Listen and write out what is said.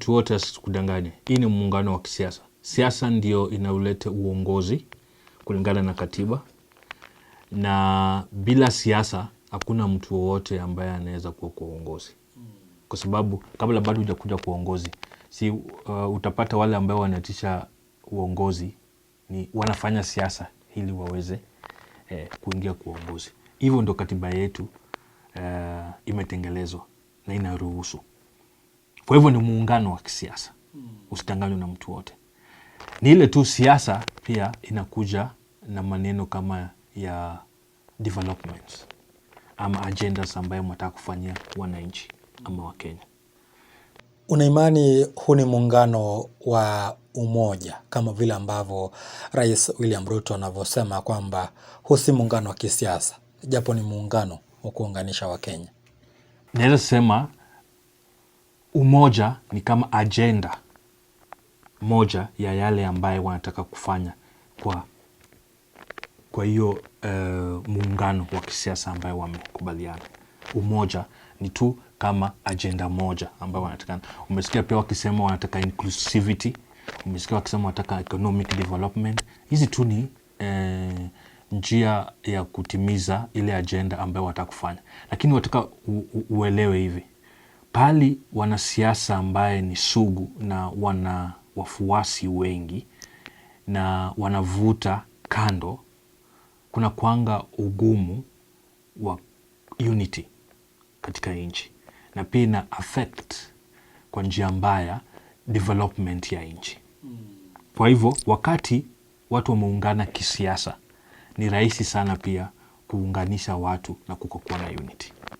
Tuote sikudanganye, hii ni muungano wa kisiasa. Siasa ndio inauleta uongozi kulingana na katiba, na bila siasa hakuna mtu wowote ambaye anaweza kuwa kwa uongozi, kwa sababu kabla bado hujakuja kwa uongozi si uh, utapata wale ambao wanatisha uongozi ni wanafanya siasa ili waweze eh, kuingia kwa uongozi. Hivyo ndio katiba yetu uh, eh, imetengelezwa na inaruhusu kwa hivyo ni muungano wa kisiasa, usitanganywe na mtu wote. Ni ile tu siasa pia inakuja na maneno kama ya developments ama agendas ambayo mnataka kufanyia wananchi ama Wakenya. Unaimani huu ni muungano wa umoja kama vile ambavyo Rais William Ruto anavyosema kwamba huu si muungano wa kisiasa, japo ni muungano wa kuunganisha Wakenya? Naweza sema umoja ni kama ajenda moja ya yale ambayo wanataka kufanya kwa kwa hiyo uh, muungano wa kisiasa ambayo wamekubaliana. Umoja ni tu kama ajenda moja ambayo wanatakana. Umesikia pia wakisema wanataka inclusivity, umesikia wakisema wanataka economic development. Hizi tu ni uh, njia ya kutimiza ile ajenda ambayo watakufanya, lakini wataka uelewe hivi pale wanasiasa ambaye ni sugu na wana wafuasi wengi na wanavuta kando, kuna kwanga ugumu wa unity katika nchi na pia ina affect kwa njia mbaya development ya nchi. Kwa hivyo wakati watu wameungana kisiasa, ni rahisi sana pia kuunganisha watu na kukokuwa na unity.